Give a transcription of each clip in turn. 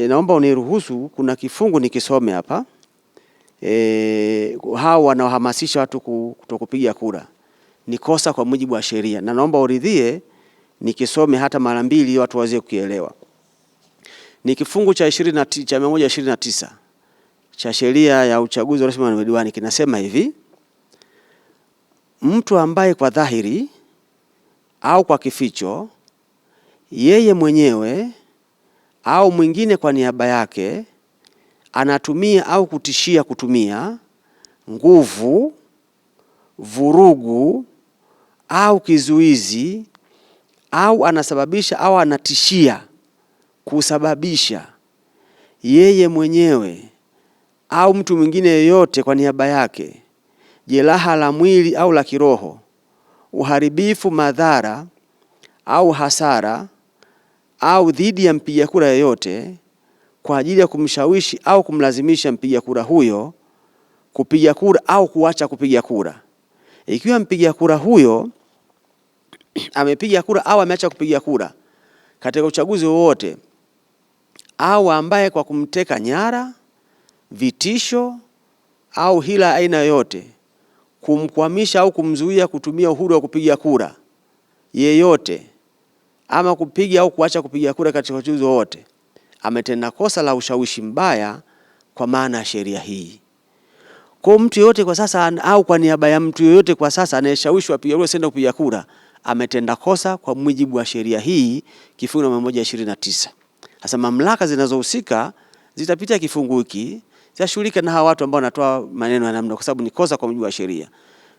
e, naomba uniruhusu kuna kifungu nikisome hapa e, eh, hao wanaohamasisha watu kutokupiga kura ni kosa kwa mujibu wa sheria, na naomba uridhie nikisome hata mara mbili watu waweze kukielewa. Ni kifungu cha 20 cha 129 cha sheria ya uchaguzi wa rais na madiwani kinasema hivi: mtu ambaye kwa dhahiri au kwa kificho yeye mwenyewe au mwingine kwa niaba yake anatumia au kutishia kutumia nguvu, vurugu au kizuizi au anasababisha au anatishia kusababisha yeye mwenyewe au mtu mwingine yeyote kwa niaba yake jeraha la mwili au la kiroho, uharibifu, madhara au hasara au dhidi ya mpiga kura yeyote kwa ajili ya kumshawishi au kumlazimisha mpiga kura huyo kupiga kura au kuacha kupiga kura. Ikiwa mpiga kura huyo amepiga kura au ameacha kupiga kura katika uchaguzi wowote, au ambaye kwa kumteka nyara, vitisho au hila aina yoyote kumkwamisha au kumzuia kutumia uhuru wa kupiga kura yeyote ama kupiga au kuacha kupiga kura katika uchaguzi wowote, ametenda kosa la ushawishi mbaya kwa maana ya sheria hii. Kwa mtu yoyote kwa sasa au kwa niaba ya mtu yoyote kwa sasa anayeshawishwa apige kura senda kupiga kura ametenda kosa kwa mujibu wa sheria hii kifungu namba 129. Sasa mamlaka zinazohusika zitapitia kifungu hiki zitashughulika na hawa watu ambao wanatoa maneno ya namna, kwa sababu ni kosa kwa mujibu wa sheria,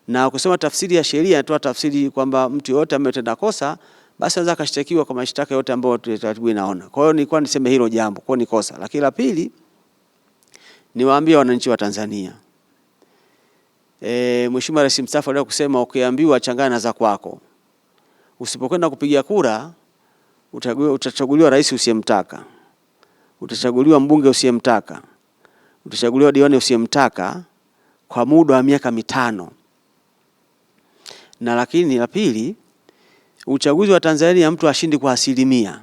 na kusema tafsiri ya sheria inatoa tafsiri kwamba mtu yoyote ametenda kosa basi anaweza akashtakiwa kwa mashtaka yote ambayo taratibu inaona. Kwa hiyo nilikuwa niseme hilo jambo, kwa ni kosa. Lakini la pili niwaambie wananchi wa Tanzania e, Mheshimiwa Rais mstaafu alikuwa kusema ukiambiwa changana za kwako. Usipokwenda kupiga kura utachaguliwa rais usiyemtaka, utachaguliwa mbunge usiyemtaka, utachaguliwa diwani usiyemtaka kwa muda wa miaka mitano. Na lakini la pili uchaguzi wa Tanzania mtu ashindi kwa asilimia,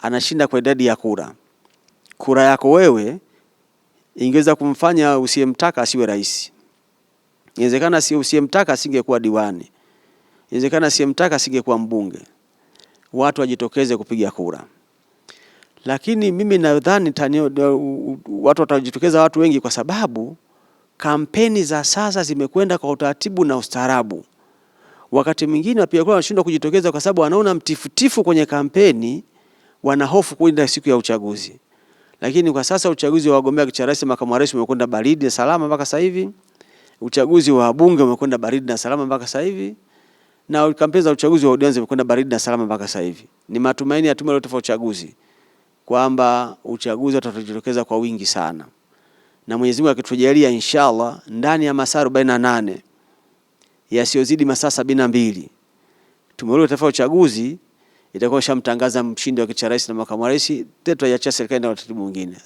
anashinda kwa idadi ya kura. Kura yako wewe ingeweza kumfanya usiyemtaka asiwe rais, inawezekana si usiyemtaka asingekuwa diwani, inawezekana asiyemtaka asingekuwa mbunge. Watu wajitokeze kupiga kura, lakini mimi nadhani watu watajitokeza, watu wengi, kwa sababu kampeni za sasa zimekwenda kwa utaratibu na ustaarabu. Wakati mwingine wapiga kura wanashindwa kujitokeza kwa sababu wanaona mtifutifu kwenye kampeni, wana hofu kwenda siku ya uchaguzi. Lakini kwa sasa uchaguzi wa wagombea kiti cha rais, makamu wa rais umekwenda baridi na salama mpaka sasa hivi. Uchaguzi wa bunge umekwenda baridi na salama mpaka sasa hivi, na kampeni za uchaguzi wa udiwani zimekwenda baridi na salama mpaka sasa hivi. Ni matumaini ya tume ya uchaguzi kwamba uchaguzi watajitokeza kwa wingi sana, na Mwenyezi Mungu akitujalia, inshallah ndani ya masaa 48 yasiyozidi masaa sabini na mbili. Tume Huru ya Taifa ya Uchaguzi itakuwa ishamtangaza mshindi wa kiti cha rais na makamu wa rais. Tutaiachia serikali na utaratibu mwingine.